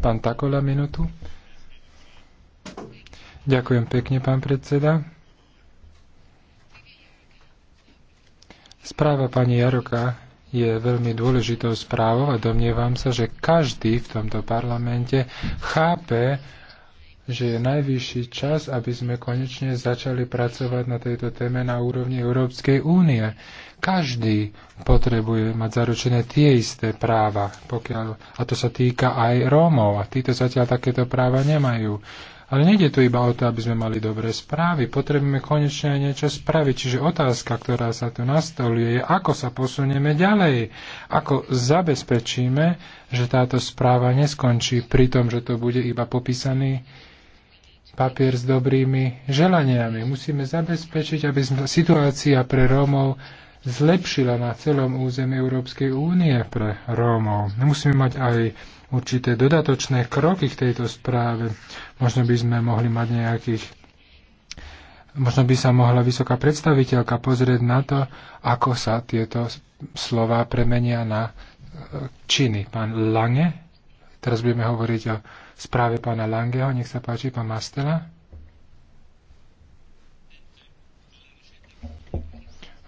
Pán Takola, minútu. Ďakujem pekne, pán predseda. Správa pani Jaroka je veľmi dôležitou správou a domnievam sa, že každý v tomto parlamente chápe, že je najvyšší čas, aby sme konečne začali pracovať na tejto téme na úrovni Európskej únie. Každý potrebuje mať zaručené tie isté práva, pokiaľ, a to sa týka aj Rómov, a títo zatiaľ takéto práva nemajú. Ale nejde tu iba o to, aby sme mali dobré správy. Potrebujeme konečne aj niečo spraviť. Čiže otázka, ktorá sa tu nastoluje, je, ako sa posunieme ďalej. Ako zabezpečíme, že táto správa neskončí pri tom, že to bude iba popísaný papier s dobrými želaniami. Musíme zabezpečiť, aby situácia pre Rómov zlepšila na celom území Európskej únie pre Rómov. Musíme mať aj určité dodatočné kroky k tejto správe. Možno by sme mohli mať nejakých možno by sa mohla vysoká predstaviteľka pozrieť na to, ako sa tieto slova premenia na e, činy. Pán Lange, teraz budeme hovoriť o správe pána Langeho. Nech sa páči, pán Mastela.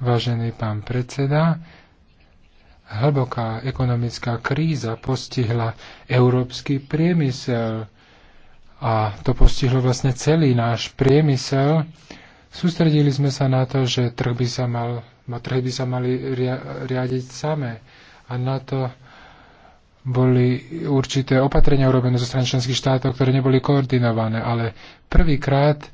Vážený pán predseda, hlboká ekonomická kríza postihla európsky priemysel a to postihlo vlastne celý náš priemysel. Sústredili sme sa na to, že trh by sa mal, trhy by sa mali riadiť samé a na to, boli určité opatrenia urobené zo strany členských štátov, ktoré neboli koordinované, ale prvýkrát e,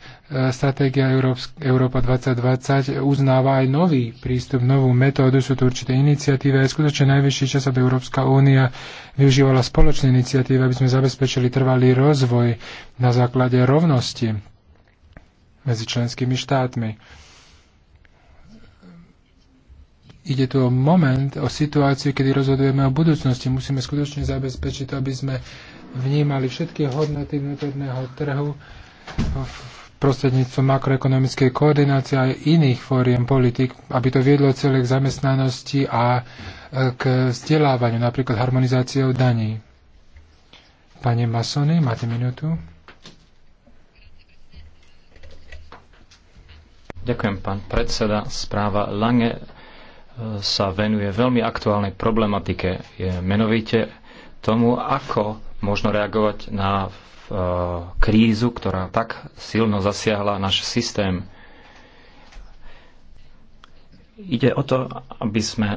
stratégia Európa 2020 uznáva aj nový prístup, novú metódu, sú to určité iniciatívy a je skutočne najvyšší čas, aby Európska únia využívala spoločné iniciatívy, aby sme zabezpečili trvalý rozvoj na základe rovnosti medzi členskými štátmi. Ide tu o moment, o situáciu, kedy rozhodujeme o budúcnosti. Musíme skutočne zabezpečiť to, aby sme vnímali všetky hodnoty vnútorného trhu prostredníctvom makroekonomickej koordinácie aj iných fóriem politik, aby to viedlo celé k zamestnanosti a e, k vzdelávaniu, napríklad harmonizáciou daní. Pane Masony, máte minútu. Ďakujem, pán predseda. Správa Lange sa venuje veľmi aktuálnej problematike, je menovite tomu, ako možno reagovať na e, krízu, ktorá tak silno zasiahla náš systém. Ide o to, aby sme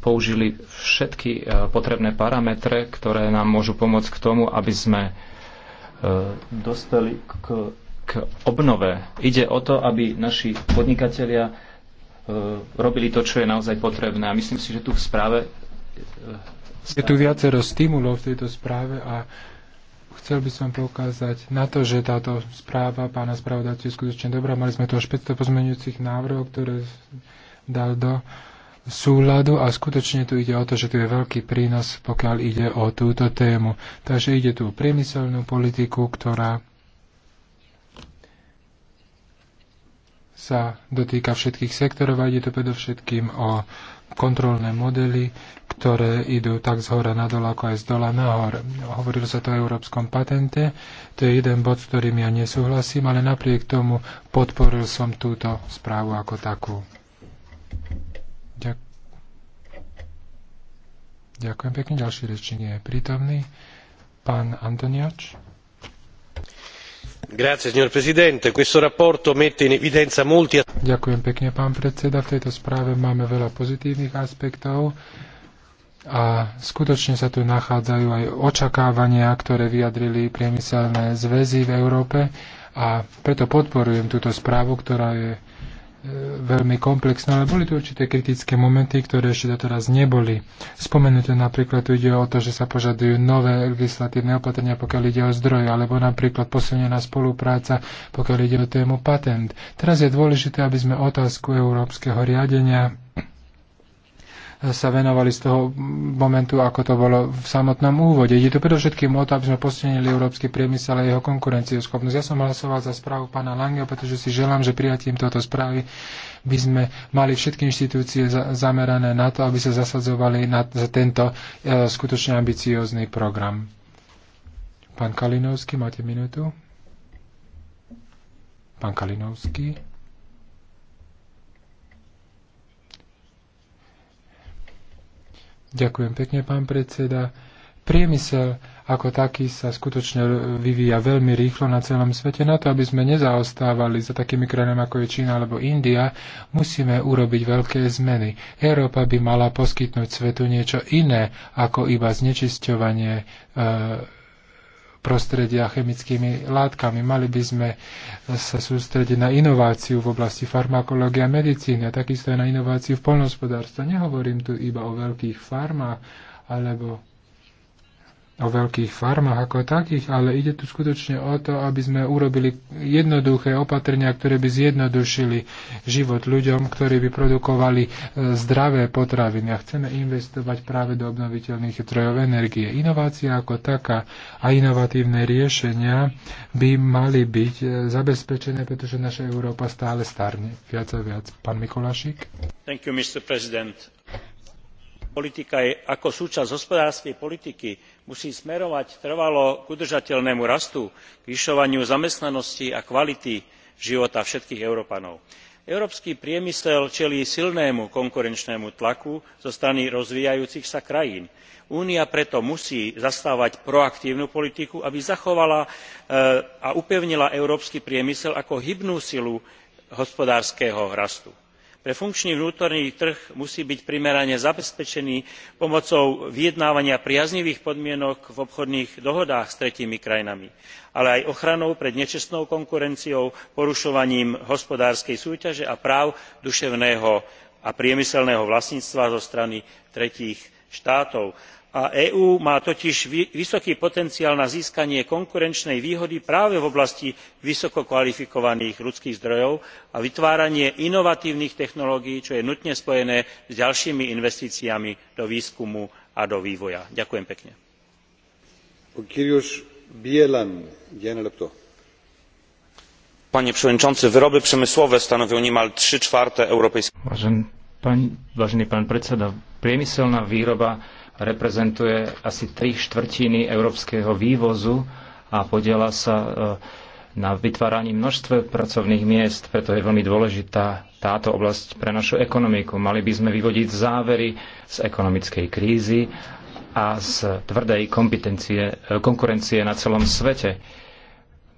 použili všetky e, potrebné parametre, ktoré nám môžu pomôcť k tomu, aby sme e, dostali k, k obnove. Ide o to, aby naši podnikatelia E, robili to, čo je naozaj potrebné. A myslím si, že tu v správe... E, je tu viacero stimulov v tejto správe a chcel by som poukázať na to, že táto správa pána spravodajcu je skutočne dobrá. Mali sme tu až 500 pozmeňujúcich návrhov, ktoré dal do súladu a skutočne tu ide o to, že tu je veľký prínos, pokiaľ ide o túto tému. Takže ide tu o priemyselnú politiku, ktorá sa dotýka všetkých sektorov a ide to predovšetkým o kontrolné modely, ktoré idú tak z hora na dole, ako aj z dola nahor. Hovorilo sa to o európskom patente. To je jeden bod, s ktorým ja nesúhlasím, ale napriek tomu podporil som túto správu ako takú. Ďakujem. Ďakujem pekne. Ďalší rečník je prítomný. Pán Antoniač. Ďakujem pekne, pán predseda. V tejto správe máme veľa pozitívnych aspektov a skutočne sa tu nachádzajú aj očakávania, ktoré vyjadrili priemyselné zväzy v Európe a preto podporujem túto správu, ktorá je veľmi komplexná, ale boli tu určité kritické momenty, ktoré ešte doteraz neboli. Spomenuté napríklad tu ide o to, že sa požadujú nové legislatívne opatrenia, pokiaľ ide o zdroje, alebo napríklad posilnená spolupráca, pokiaľ ide o tému patent. Teraz je dôležité, aby sme otázku európskeho riadenia sa venovali z toho momentu, ako to bolo v samotnom úvode. Je to predovšetkým o to, aby sme posilnili európsky priemysel a jeho konkurencieschopnosť. Ja som hlasoval za správu pána Lange, pretože si želám, že prijatím tohto správy by sme mali všetky inštitúcie za, zamerané na to, aby sa zasadzovali na, za tento e, skutočne ambiciózny program. Pán Kalinovský, máte minútu? Pán Kalinovský. Ďakujem pekne, pán predseda. Priemysel ako taký sa skutočne vyvíja veľmi rýchlo na celom svete. Na to, aby sme nezaostávali za takými krajinami ako je Čína alebo India, musíme urobiť veľké zmeny. Európa by mala poskytnúť svetu niečo iné ako iba znečisťovanie e, prostredia chemickými látkami. Mali by sme sa sústrediť na inováciu v oblasti farmakológie a medicíny a takisto aj na inováciu v polnospodárstve. Nehovorím tu iba o veľkých farmách alebo o veľkých farmách ako takých, ale ide tu skutočne o to, aby sme urobili jednoduché opatrenia, ktoré by zjednodušili život ľuďom, ktorí by produkovali e, zdravé potraviny. A chceme investovať práve do obnoviteľných zdrojov energie. Inovácia ako taká a inovatívne riešenia by mali byť e, zabezpečené, pretože naša Európa stále starne. Viac a viac. Pán Mikolašik. Thank you, Mr. President politika je, ako súčasť hospodárskej politiky musí smerovať trvalo k udržateľnému rastu k zvyšovaniu zamestnanosti a kvality života všetkých európanov. európsky priemysel čelí silnému konkurenčnému tlaku zo strany rozvíjajúcich sa krajín. únia preto musí zastávať proaktívnu politiku aby zachovala eh, a upevnila európsky priemysel ako hybnú silu hospodárskeho rastu pre funkčný vnútorný trh musí byť primerane zabezpečený pomocou vyjednávania priaznivých podmienok v obchodných dohodách s tretími krajinami ale aj ochranou pred nečestnou konkurenciou porušovaním hospodárskej súťaže a práv duševného a priemyselného vlastníctva zo strany tretích štátov a eú má totiž vysoký potenciál na získanie konkurenčnej výhody práve v oblasti vysoko kvalifikovaných ľudských zdrojov a vytváranie inovatívnych technológií čo je nutne spojené s ďalšími investíciami do výskumu a do vývoja. ďakujem pekne. panie przewodniczący! wyroby przemysłowe stanowią niemal trzy czwarte europejskich. vážený pán predseda priemyselná výroba reprezentuje asi tri štvrtiny európskeho vývozu a podiela sa e, na vytváraní množstve pracovných miest, preto je veľmi dôležitá táto oblasť pre našu ekonomiku. Mali by sme vyvodiť závery z ekonomickej krízy a z tvrdej e, konkurencie na celom svete.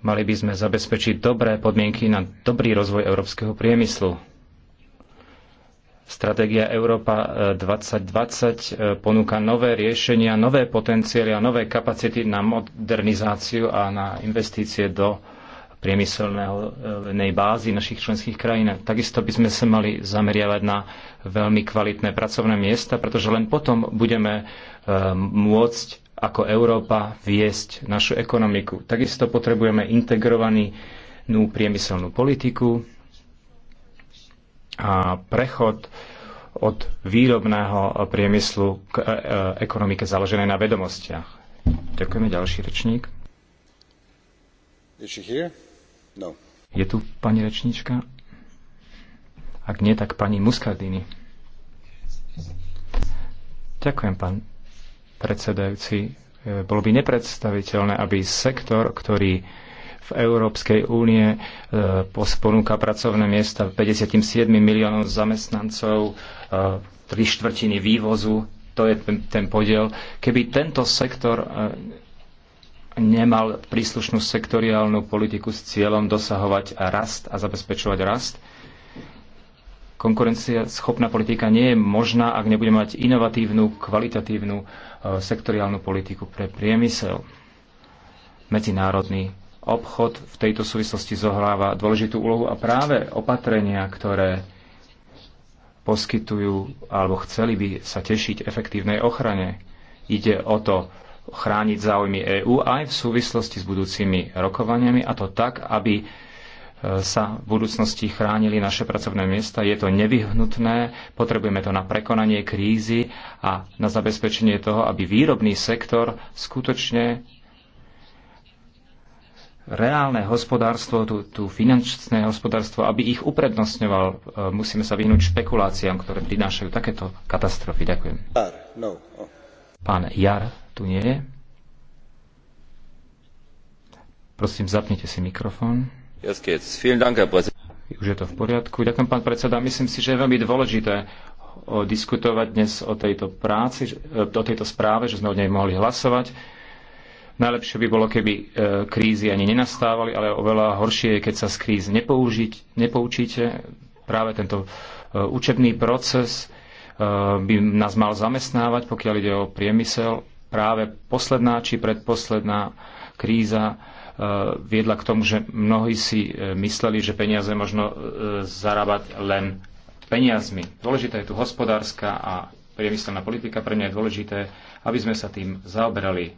Mali by sme zabezpečiť dobré podmienky na dobrý rozvoj európskeho priemyslu. Stratégia Európa 2020 e, e, ponúka nové riešenia, nové potenciály a nové kapacity na modernizáciu a na investície do priemyselnej e, bázy našich členských krajín. Takisto by sme sa mali zameriavať na veľmi kvalitné pracovné miesta, pretože len potom budeme môcť ako Európa viesť našu ekonomiku. Takisto potrebujeme integrovanú priemyselnú politiku, a prechod od výrobného priemyslu k e, e, ekonomike založenej na vedomostiach. Ďakujeme. Ďalší rečník. No. Je tu pani rečníčka? Ak nie, tak pani Muscardini. Ďakujem, pán predsedajúci. E, bolo by nepredstaviteľné, aby sektor, ktorý v Európskej únie e, ponúka pracovné miesta 57 miliónov zamestnancov, e, tri štvrtiny vývozu, to je ten, ten podiel. Keby tento sektor e, nemal príslušnú sektoriálnu politiku s cieľom dosahovať rast a zabezpečovať rast, konkurencia schopná politika nie je možná, ak nebude mať inovatívnu, kvalitatívnu sektoriálnu politiku pre priemysel. Medzinárodný obchod v tejto súvislosti zohráva dôležitú úlohu a práve opatrenia, ktoré poskytujú alebo chceli by sa tešiť efektívnej ochrane. Ide o to chrániť záujmy EÚ aj v súvislosti s budúcimi rokovaniami a to tak, aby e, sa v budúcnosti chránili naše pracovné miesta. Je to nevyhnutné, potrebujeme to na prekonanie krízy a na zabezpečenie toho, aby výrobný sektor skutočne reálne hospodárstvo, tú, tú finančné hospodárstvo, aby ich uprednostňoval. E, musíme sa vyhnúť špekuláciám, ktoré prinášajú takéto katastrofy. Ďakujem. No, pán Jar tu nie je. Prosím, zapnite si mikrofón. Už je to v poriadku. Ďakujem, pán predseda. Myslím si, že je veľmi dôležité diskutovať dnes o tejto práci, e, o tejto správe, že sme o nej mohli hlasovať Najlepšie by bolo, keby e, krízy ani nenastávali, ale oveľa horšie je, keď sa z kríz nepoužiť, nepoučíte. Práve tento e, učebný proces e, by nás mal zamestnávať, pokiaľ ide o priemysel. Práve posledná či predposledná kríza viedla k tomu, že mnohí si mysleli, že peniaze možno zarábať len peniazmi. Dôležitá je tu hospodárska a priemyselná politika. Pre mňa je dôležité, aby sme sa tým zaoberali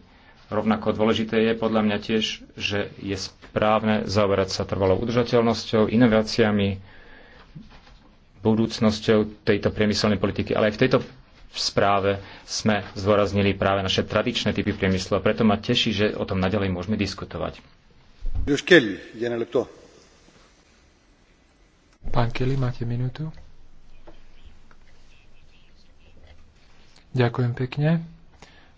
Rovnako dôležité je podľa mňa tiež, že je správne zaoberať sa trvalou udržateľnosťou, inováciami, budúcnosťou tejto priemyselnej politiky. Ale aj v tejto správe sme zdôraznili práve naše tradičné typy priemyslu a preto ma teší, že o tom naďalej môžeme diskutovať. Pán Kelly, máte minútu. Ďakujem pekne.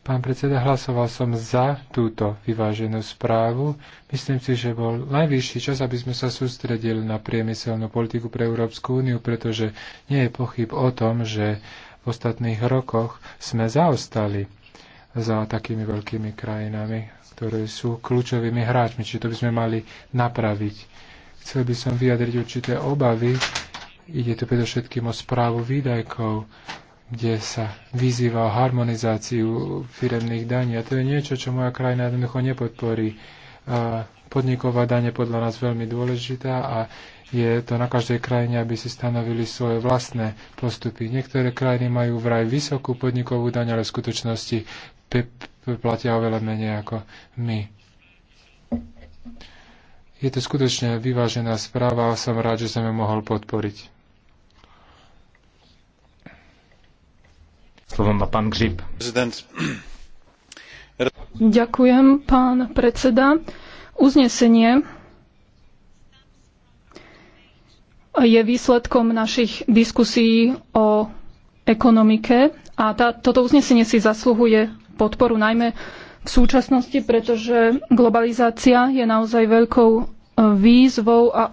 Pán predseda, hlasoval som za túto vyváženú správu. Myslím si, že bol najvyšší čas, aby sme sa sústredili na priemyselnú politiku pre Európsku úniu, pretože nie je pochyb o tom, že v ostatných rokoch sme zaostali za takými veľkými krajinami, ktoré sú kľúčovými hráčmi, či to by sme mali napraviť. Chcel by som vyjadriť určité obavy. Ide tu predovšetkým o správu výdajkov kde sa vyzýva o harmonizáciu firemných daní. A to je niečo, čo moja krajina jednoducho nepodporí. Podniková daň je podľa nás veľmi dôležitá a je to na každej krajine, aby si stanovili svoje vlastné postupy. Niektoré krajiny majú vraj vysokú podnikovú daň, ale v skutočnosti platia oveľa menej ako my. Je to skutočne vyvážená správa a som rád, že som ju mohol podporiť. Slovo má pán Ďakujem, pán predseda. Uznesenie je výsledkom našich diskusí o ekonomike a tá, toto uznesenie si zasluhuje podporu najmä v súčasnosti, pretože globalizácia je naozaj veľkou výzvou a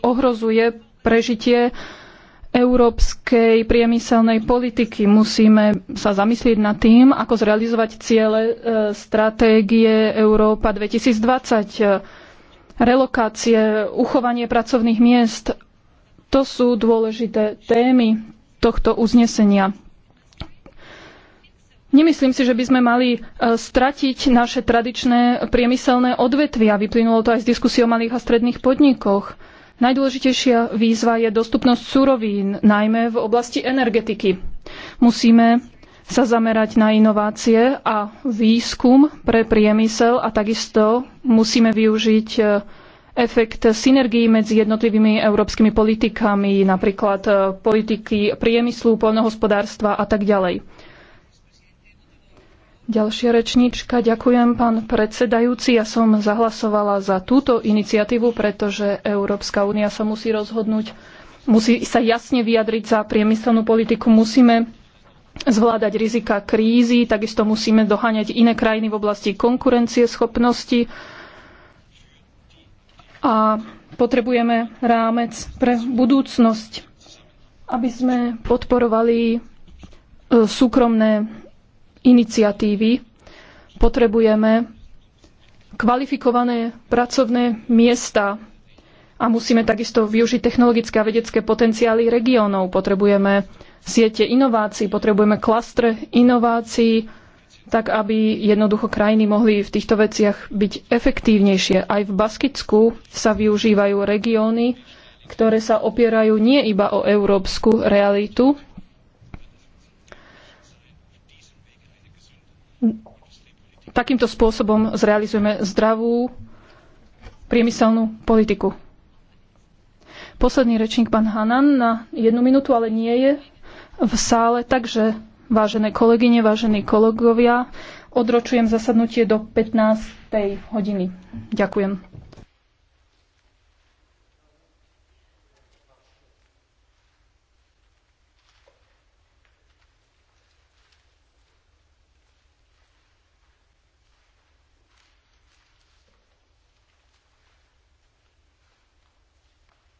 ohrozuje prežitie európskej priemyselnej politiky. Musíme sa zamyslieť nad tým, ako zrealizovať ciele e, stratégie Európa 2020, e, relokácie, uchovanie pracovných miest. To sú dôležité témy tohto uznesenia. Nemyslím si, že by sme mali e, stratiť naše tradičné priemyselné odvetvia. Vyplynulo to aj z diskusie o malých a stredných podnikoch. Najdôležitejšia výzva je dostupnosť surovín, najmä v oblasti energetiky. Musíme sa zamerať na inovácie a výskum pre priemysel a takisto musíme využiť e, efekt synergií medzi jednotlivými európskymi politikami, napríklad e, politiky priemyslu, poľnohospodárstva a tak ďalej. Ďalšia rečníčka. Ďakujem, pán predsedajúci. Ja som zahlasovala za túto iniciatívu, pretože Európska únia sa musí rozhodnúť, musí sa jasne vyjadriť za priemyselnú politiku. Musíme zvládať rizika krízy, takisto musíme doháňať iné krajiny v oblasti konkurencie schopnosti a potrebujeme rámec pre budúcnosť, aby sme podporovali e, súkromné iniciatívy. Potrebujeme kvalifikované pracovné miesta a musíme takisto využiť technologické a vedecké potenciály regiónov. Potrebujeme siete inovácií, potrebujeme klastre inovácií, tak aby jednoducho krajiny mohli v týchto veciach byť efektívnejšie. Aj v Baskicku sa využívajú regióny, ktoré sa opierajú nie iba o európsku realitu, takýmto spôsobom zrealizujeme zdravú priemyselnú politiku. Posledný rečník pán Hanan na jednu minútu, ale nie je v sále, takže vážené kolegyne, vážení kolegovia, odročujem zasadnutie do 15. hodiny. Ďakujem.